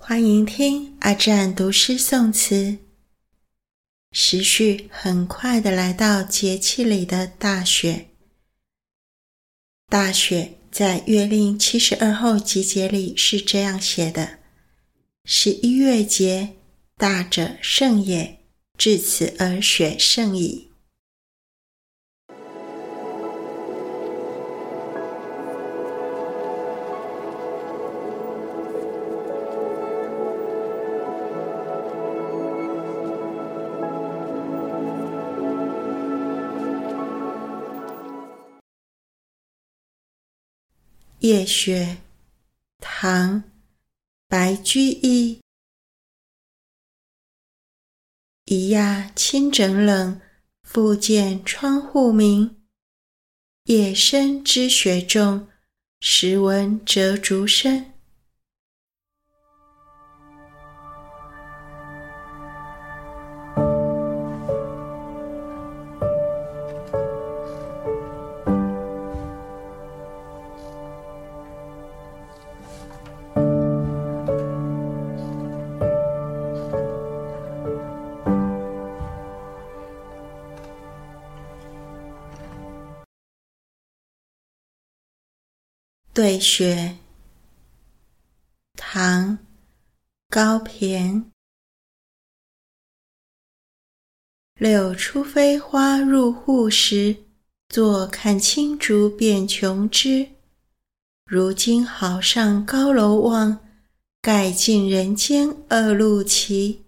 歡迎聽阿占讀詩誦詞。時序很快的來到節氣裡的大雪。大雪在《月令七十二候集解》裡是這樣寫的：“十一月節，大者盛也。”至此而雪盛矣。夜雪，唐，白居易。已訝衾枕冷，復見窗戶明。夜深知雪重，時聞折竹聲。對雪，唐·高駢。六出飛花入戶時，坐看青竹變瓊枝。如今好上高樓望，蓋盡人間惡路歧。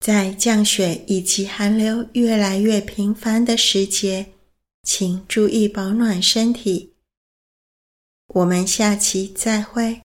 在降雪以及寒流越來越頻繁的時節，請注意保暖身體。我們下期再會。